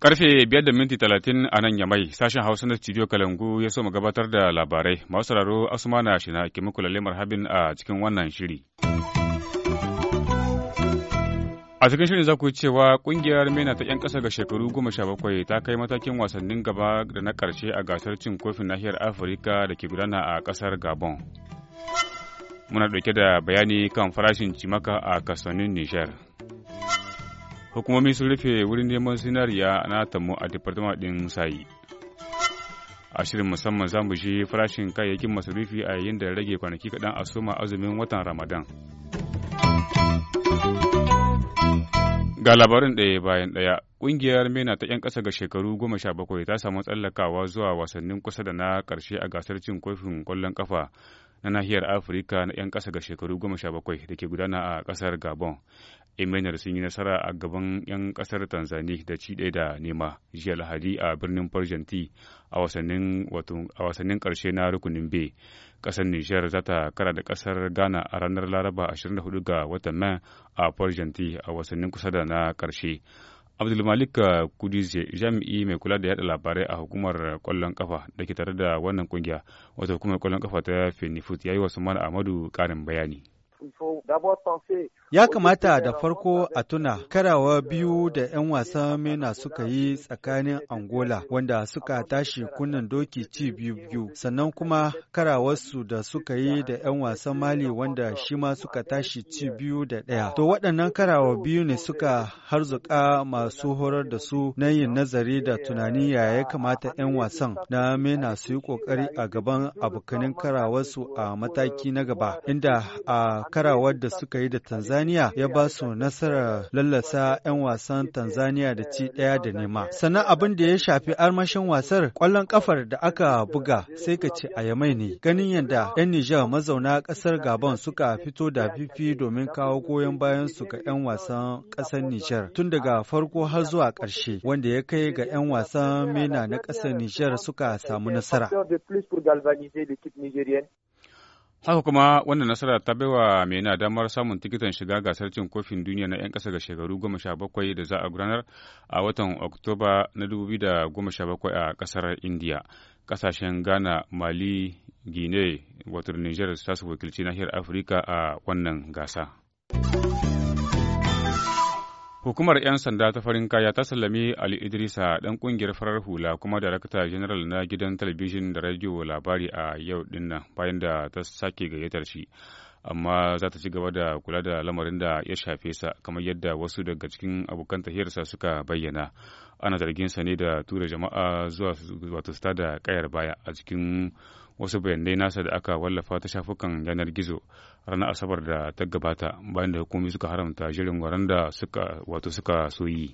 Karfe biyar da minti talatin a nan Yamai, sashen Hausa na studio Kalangu ya so mu gabatar da labarai. Masu sauraro Asumana Shina ke muku lalle marhabin a cikin wannan shiri. A cikin shirin za ku yi cewa kungiyar MENA ta 'yan ƙasa ga shekaru goma sha bakwai ta kai matakin wasannin gaba da na ƙarshe a gasar cin kofin nahiyar Afirka da ke gudana a ƙasar Gabon. Muna ɗauke da bayani kan farashin cimaka a kasuwannin Nijar. Hukumomi sun rufe wurin neman zinariya na tamu a Departement ɗin Sayi. a shirin musamman za mu ji farashin kayayyakin masarufi a yayin da rage kwanaki kaɗan a soma azumin watan ramadan Ga labarin ɗaya bayan ɗaya, ƙungiyar MENA ta 'yan ƙasa ga shekaru goma sha bakwai ta samu tsallakawa zuwa wasannin kusa da na ƙarshe a gasar cin kofin ƙwallon ƙafa na nahiyar Afirka na 'yan ƙasa ga shekaru goma sha bakwai da ke gudana a ƙasar Gabon. Imenar sun yi nasara a gaban 'yan ƙasar Tanzania da ci ɗaya da nema jiya Lahadi a birnin Farjanti a wasannin ƙarshe na rukunin B. kasar Nijar za ta kara da ƙasar Ghana a ranar Laraba 24 ga watan Mai a Port a wasannin kusa da na ƙarshe. Malik Kudize jami'i mai kula da yada labarai a hukumar kwallon kafa da ke tare da wannan kungiya wata hukumar kwallon kafa ta Fenifut ya yi wa Suman Ahmadu ƙarin bayani. Ya kamata da farko a tuna karawa biyu da 'yan wasan MENA suka yi tsakanin Angola wanda suka tashi kunnen doki ci biyu biyu sannan kuma karawarsu da suka yi da 'yan wasan Mali wanda shi ma suka tashi ci biyu da ɗaya. To waɗannan karawa biyu ne suka harzuka masu horar da su na yin nazari da tunani ya ya kamata 'yan wasan na MENA su yi ƙoƙari a gaban abokanin karawarsu a mataki na gaba inda a shekara wadda suka yi da Tanzania ya ba su nasarar lallasa 'yan wasan Tanzania da ci ɗaya da nema. Sannan abin da ya shafi armashin wasar ƙwallon ƙafar da aka buga sai ka ce a yamai ne. Ganin yadda 'yan Nijar mazauna ƙasar Gabon suka fito da fifi domin kawo goyon bayan su ga 'yan wasan ƙasar Nijar tun daga farko har zuwa ƙarshe wanda ya kai ga 'yan wasan MENA na ƙasar Nijar suka samu nasara. Haka kuma wannan nasara ta bai wa Mena damar samun tikitan shiga gasar cin kofin duniya na 'yan ƙasa ga shekaru goma sha bakwai da za a gudanar a watan Oktoba na dubu da goma sha a ƙasar Indiya. Ƙasashen Ghana, Mali, Guinea, wato Niger su su wakilci nahiyar Afirka a wannan gasa. Hukumar 'yan sanda ta farin kaya ta sallami Ali Idrisa ɗan ƙungiyar farar hula kuma darakta general na gidan talabijin da rediyo labari a yau ɗin nan bayan da ta sake gayyatar shi. amma za ta ci gaba da kula da lamarin da ya shafe sa kamar yadda wasu daga cikin abokan tahiyarsa suka bayyana ana zargin sa ne da tura jama'a zuwa wato sta da kayar baya a cikin wasu bayanai nasa da aka wallafa ta shafukan yanar gizo ranar asabar da ta gabata bayan da hukumi suka haramta shirin waran da suka wato suka soyi.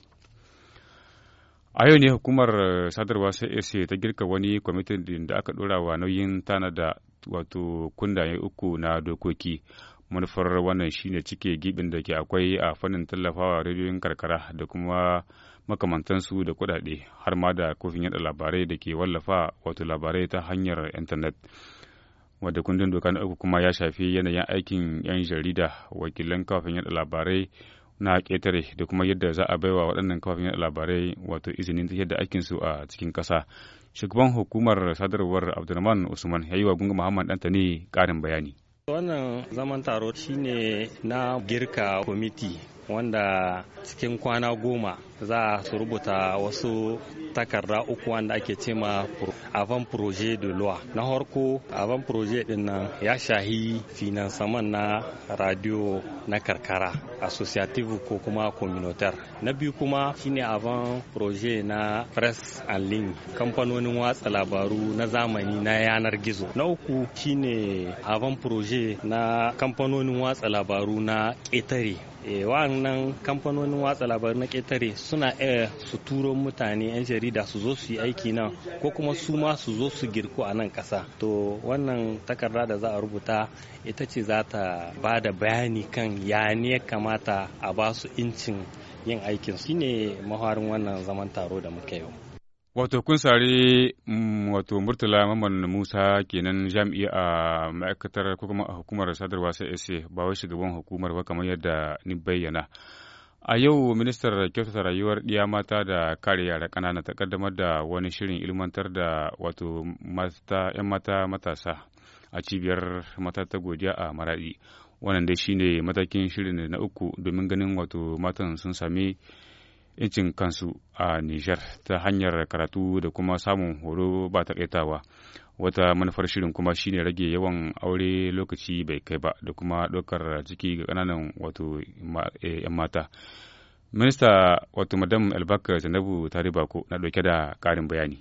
a yau ne hukumar sadarwa sai ta girka wani kwamitin da aka dora wa nauyin tana da wato kundaye uku na dokoki. Manufar wannan shine cike gibin da ke akwai a fannin tallafawa rediyoyin karkara da kuma makamantansu da kuɗaɗe har ma da kofin yada labarai da ke wallafa wato labarai ta hanyar intanet. wadda kundin doka na uku kuma ya shafi yanayin aikin 'yan jarida wakilan kafin yada labarai na ƙetare da kuma yadda za a baiwa waɗannan kafin yada labarai wato izinin tafiyar da aikinsu a cikin ƙasa shugaban hukumar sadarwar abdulman usman ya yi wa gunga muhammad ne karin bayani wannan zaman taro shine na girka kwamiti wanda cikin kwana goma za su rubuta wasu takarda uku wanda ake ce ma avant projet de loi na harko avant projet din nan ya shahi finansaman na radio na karkara associative ko kuma communautaire na biyu kuma shine avant projet na press and link kamfanonin watsa labaru na zamani na yanar gizo na uku shine avant projet na kamfanonin watsa labaru na ƙetare eh, wa'annan kamfanonin watsa labaru na ƙetare suna iya su turo mutane 'yan jarida su zo su yi aiki nan ko kuma su ma su zo su girku a nan ƙasa to wannan takarda da za a rubuta ita ce za ta ba da bayani kan ya ne kamata a ba su incin yin aikin shine maharin wannan zaman taro da muka yau Wato kun sare mm, wato Murtala Mamman Musa kenan jami'i a ma'aikatar ko kuma a hukumar sadarwa sai ba wai shugaban hukumar ba kamar yadda ni bayyana. A yau ministar kyautata rayuwar ɗiya mata da kare yara ƙanana ta ƙaddamar da wani shirin ilmantar da wato 'yan mata matasa a cibiyar mata ta godiya a maraɗi. Wannan dai shine matakin shirin na uku domin ganin wato matan sun sami incin kansu a Nijar ta hanyar karatu da kuma samun horo ba taƙaitawa. Wata manufar shirin kuma shine rage yawan aure lokaci bai kai ba da kuma ɗaukar ciki ga ƙananan wato 'yan eh, mata. Minista wato Madam Albakar Zainabu Taribako na ɗauke da ƙarin bayani.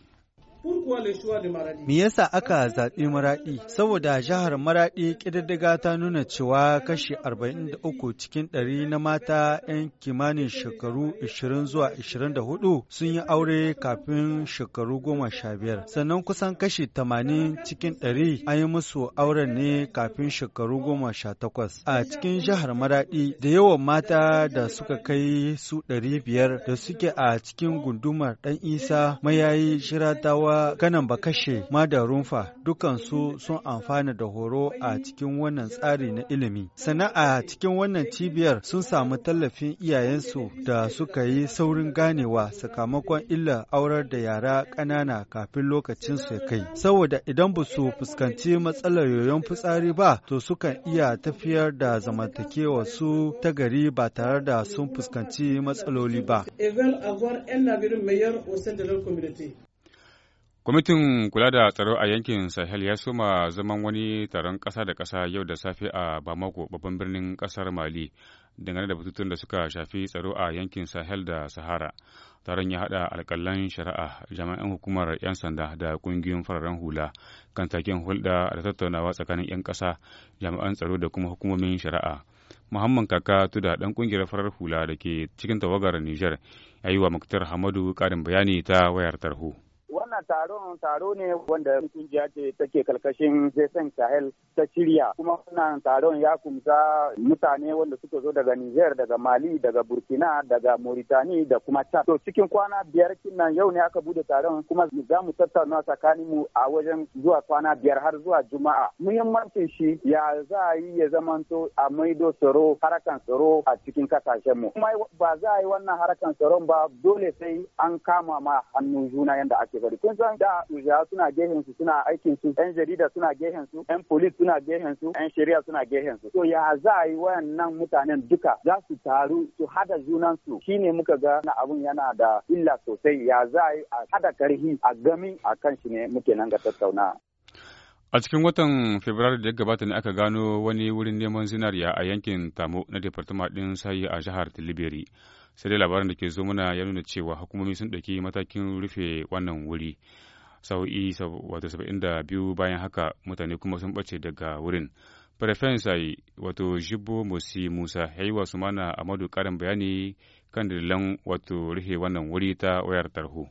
Me yasa aka zaɓi Maraɗi? Saboda jihar Maraɗi ƙididdiga ta nuna cewa kashi 43 cikin 100 na mata 'yan kimanin shekaru 20 zuwa 24 sun yi aure kafin shekaru 15. Sannan kusan kashi 80 cikin 100 an yi musu auren ne kafin shekaru 18. A cikin jihar Maraɗi da yawan mata da suka kai su 500 da suke a cikin gundumar ɗan isa mayayi shiratawa da kanan kashe ma da rumfa dukansu sun amfana da horo a cikin wannan tsari na ilimi. Sana'a cikin wannan cibiyar sun samu tallafin iyayensu da suka yi saurin ganewa sakamakon illa aurar da yara ƙanana kafin lokacin su kai. Saboda idan ba su fuskanci matsalar yoyon fitsari ba, to sukan iya tafiyar da zamantakewa su ta gari ba tare da sun fuskanci matsaloli ba. Kwamitin kula da tsaro a yankin Sahel ya soma zaman wani taron ƙasa da ƙasa yau da safe a Bamako babban birnin ƙasar Mali dangane da bututun da suka shafi tsaro a yankin Sahel da Sahara. Taron ya haɗa alƙalan shari'a, jami'an hukumar 'yan sanda da ƙungiyoyin fararen hula kan taken hulɗa da tattaunawa tsakanin 'yan ƙasa, jami'an tsaro da kuma hukumomin shari'a. Muhammad Kaka Tuda ɗan ƙungiyar farar hula da ke cikin tawagar Nijar ya yi wa Muktar Hamadu ƙarin bayani ta wayar tarho. wannan taron taro ne wanda kungiya ce take kalkashin jason sahel ta shirya kuma wannan taron ya kumsa mutane wanda suka zo daga niger daga mali daga burkina daga mauritani da kuma chad to cikin kwana biyar kinnan yau ne aka bude taron kuma za mu tattauna tsakanin mu a wajen zuwa kwana biyar har zuwa juma'a muhimmancin shi ya za a yi ya zamanto a maido tsaro harakan tsaro a cikin kasashen mu kuma ba za a yi wannan harakan tsaron ba dole sai an kama ma hannu juna yadda ake bari kun san da ujiya suna gehen su suna aikin su yan jarida suna gehen su yan polis suna gehen su yan shari'a suna gehen su to ya za a yi wayannan mutanen duka za su taru su hada junan su shine muka ga na abun yana da illa sosai ya za a yi a hada karhi a gami a kan shi ne muke nan ga tattauna A cikin watan Fabrairu da ya gabata ne aka gano wani wurin neman zinariya a yankin Tamo na Departement din Sayi a jihar Tilibiri. sai dai labarin da ke zo mana ya nuna cewa hukumomi sun ɗauki matakin rufe wannan wuri sau'i wato saba'in da biyu bayan haka mutane kuma sun ɓace daga wurin farfensa wato jibo musi musa ya yi amadu ƙarin bayani kan dalilan wato rufe wannan wuri ta wayar tarho.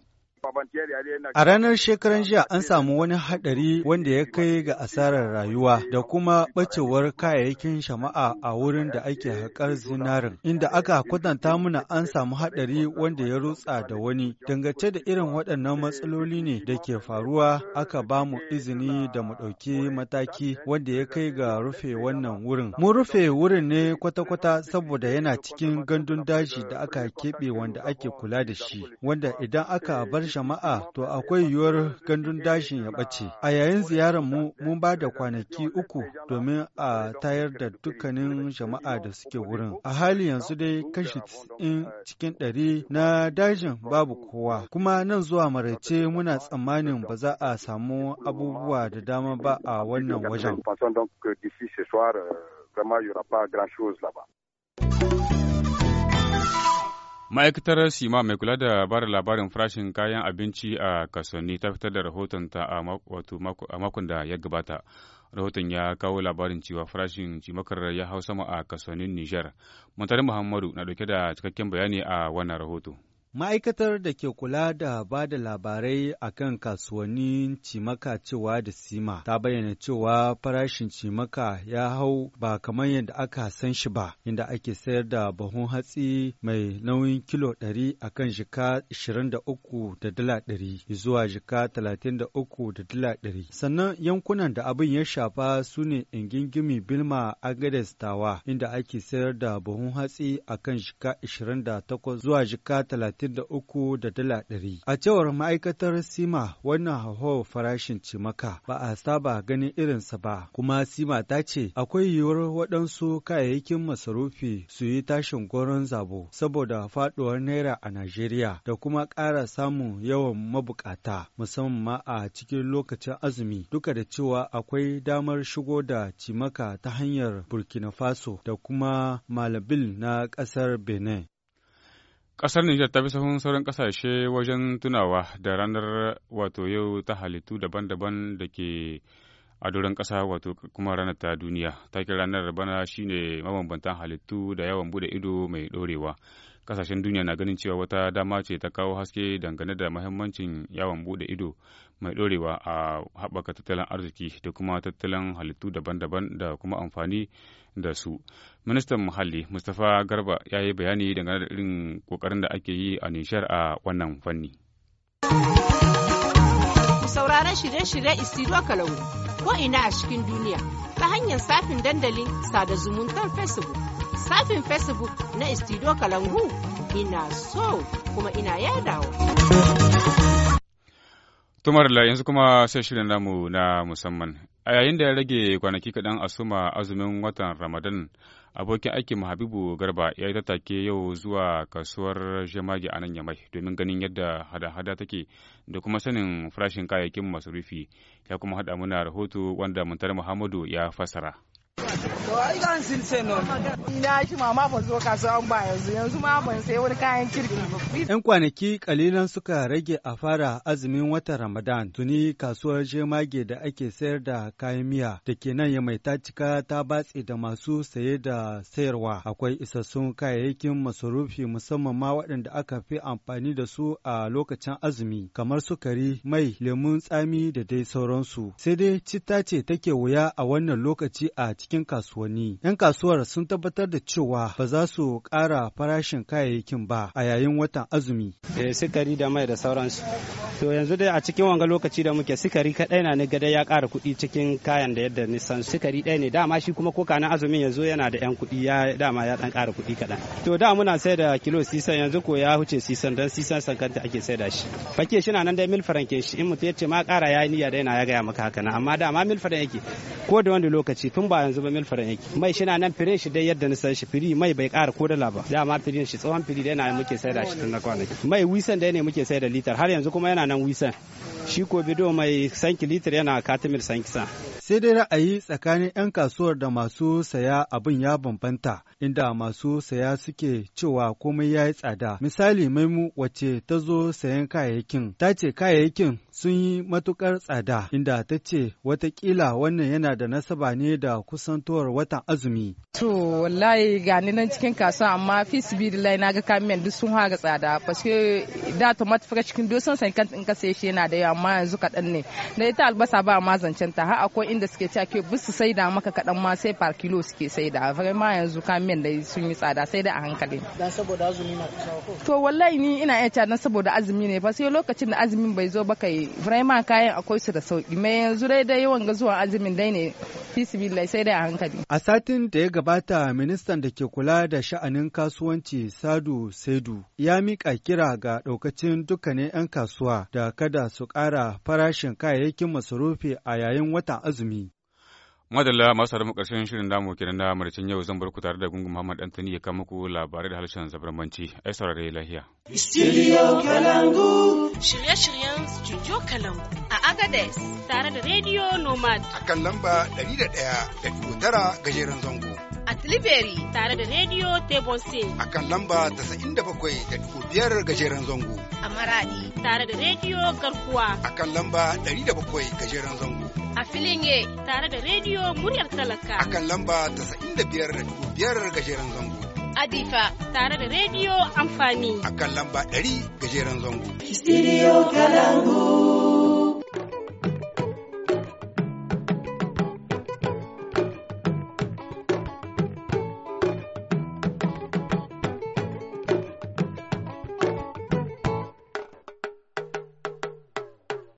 A ranar shekaran jiya an samu wani haɗari wanda ya kai ga asarar rayuwa da kuma ɓacewar kayayyakin shama'a a wurin da ake haƙar zinarin, inda aka kwatanta mana an samu haɗari wanda ya rutsa da wani. Dangace da irin waɗannan matsaloli ne da ke faruwa aka ba mu izini da mu ɗauki mataki wanda ya kai ga rufe wannan wurin. Mun rufe wurin ne kwata-kwata saboda yana cikin gandun daji da aka keɓe wanda ake kula da shi, wanda idan aka bar shi jama'a to akwai yiwuwar gandun dashin ya bace A yayin ziyarar mu mun ba da kwanaki uku domin a tayar da dukkanin jama'a da suke wurin. A hali yanzu dai kashi cikin ɗari na dajin babu kowa. Kuma nan zuwa maraice muna tsammanin ba za a samu abubuwa da dama ba a wannan wajen. Ma'aikatar Sima mai kula da bada labarin farashin kayan abinci a kasuwanni ta fitar da rahoton ta a makon da ya gabata. Rahoton ya kawo labarin cewa farashin cimakar ya hau sama a kasuwannin Nijar. Muntari Muhammadu na dauke da cikakken bayani a wannan rahoto. Ma'aikatar da ke kula da ba da labarai a kan kasuwannin cimaka cewa da sima ta bayyana cewa farashin cimaka ya hau ba kamar yadda aka san shi ba, inda ake sayar da buhun hatsi mai nauyin kilo 100 a kan jika 23 da dala 100 zuwa jika 33 da dala 100. Sannan yankunan da abin ya shafa su ne ingingimi Bilma Agades Tawa, inda ake sayar da buhun hatsi a kan jika 28 zuwa jika 30 63 da dala 100. A cewar ma'aikatar Sima wannan hauhawar farashin cimaka ba a saba ganin irinsa ba, kuma Sima ta ce akwai yiwuwar waɗansu kayayyakin masarufi su yi tashin goron zabo saboda faɗuwar naira a Najeriya da kuma ƙara samun yawan mabukata musamman ma a cikin lokacin azumi duka da cewa akwai damar shigo da cimaka ta hanyar Burkina Faso da kuma Malabil na ƙasar Benin. Ƙasar Nijar ta fi sahun sauran ƙasashe wajen tunawa da ranar wato yau ta halittu daban-daban da ke a doron ƙasa wato kuma ranar ta duniya. Takin ranar bana shine mabambantan halittu da yawan bude ido mai ɗorewa. kasashen duniya na ganin cewa wata dama ce ta kawo haske dangane da mahimmancin yawon bude ido mai dorewa a haɓaka tattalin arziki da kuma tattalin halittu daban-daban da kuma amfani da su ministan muhalli mustapha garba ya yi bayani dangane da irin kokarin da ake yi a nishar a wannan fanni sauraron shirye-shirye istiro kalau ko ina a cikin duniya ta hanyar safin dandalin sada zumuntar facebook safin facebook na istido kalangu ina so kuma ina yadawa. tumar la yanzu kuma sai shirin namu na musamman a yayin da ya rage kwanaki kaɗan a suma azumin watan ramadan abokin aikin habibu garba ya yi tattake yau zuwa kasuwar jemage a nan yamai domin ganin yadda hada-hada take da kuma sanin farashin kayayyakin masarufi ya kuma haɗa muna rahoto wanda muntar muhammadu ya fasara. kayan kirki Yan kwanaki kalilan suka rage a fara azumin watan Ramadan tuni kasuwar Jemage da ake sayar da kayan miya da ke nan mai ta cika ta batse da masu saye da sayarwa akwai isassun kayayyakin masarufi musamman ma waɗanda aka fi amfani da su a lokacin azumi kamar sukari mai lemun tsami da dai sauransu sai dai citta ce take wuya a wannan lokaci a cikin cikin kasuwanni. 'Yan kasuwar sun tabbatar da cewa ba za su ƙara farashin kayayyakin ba a yayin watan azumi. Eh, sikari da mai da sauransu. To yanzu dai a cikin wanga lokaci da muke sikari kaɗai na ni gada ya ƙara kuɗi cikin kayan da yadda nisan sikari ɗaya ne dama shi kuma ko kana azumin yanzu yana da 'yan kuɗi ya dama ya ɗan ƙara kuɗi kaɗan. To da muna sai da kilo sisan yanzu ko ya huce sisan don sisan sankanta ake sai da shi. Fake shi na nan dai mil shi in mutum ya ce ma ƙara ya yi niyya na ya gaya maka haka amma dama mil faran yake ko da wani lokaci tun ba yanzu ba mil farin yake mai shi na nan firin shi dai yadda na san shi firi mai bai ƙara ko dala ba dama firin shi tsohon firi dai na muke saida shi tun na kwanaki mai wisan da ne muke saida litar har yanzu kuma yana nan wisan shi ko bido mai sanki litir yana katimir sankisa. Sai dai ra'ayi tsakanin 'yan kasuwar da masu saya abin ya bambanta, inda masu saya suke cewa komai ya yi tsada. Misali maimu wacce ta zo sayan kayayyakin, ta ce kayayyakin sun yi matukar tsada, inda ta ce watakila wannan yana da nasaba ne da kusantowar watan azumi. To wallahi gani nan cikin kasuwa amma fi na ga kamiyan duk sun tsada, paske da tomat fresh in ka sai shi yana da yawa amma yanzu kaɗan ne da ita albasa ba ma zancen ta har akwai inda suke cewa ke bisu sai da maka kaɗan ma sai par kilo suke sai da ma yanzu kamiyan da sun yi tsada sai da a hankali dan saboda azumi na kusa ko to wallahi ni ina iya cewa saboda azumi ne fa sai lokacin da azumin bai zo ba kai ma kayan akwai su da sauki mai yanzu dai dai yawan ga zuwa azumin dai ne bismillah sai dai a hankali a satin da ya gabata ministan da ke kula da sha'anin kasuwanci Sadu Saidu ya mika kira ga daukacin dukkanin 'yan kasuwa da kada su ƙara ƙara farashin kayayyakin masarufi a yayin watan azumi. Madalla masu haramu ƙarshen shirin damu kenan na maricin yau zan bar ku tare da gungun Muhammad Anthony ya kama ku labarai da harshen zabarmanci. Ai saurare lahiya. Studio Kalangu. Shirye-shiryen Studio Kalangu a Agadez tare da Radio Nomad. A kan lamba 101.9 gajeren zango. Atliberi tare da Radio Tebose. A kan lamba da bakwai biyar gajeren zango. A Maradi tare da Radio Garkuwa. A kan lamba da bakwai gajeren zango. A Filinge tare da Radio Muryar Talaka. A kan lamba da biyar gajeren zango. Adifa tare da Radio Amfani. A kan lamba 100 gajeren zango. Studio Kalangu.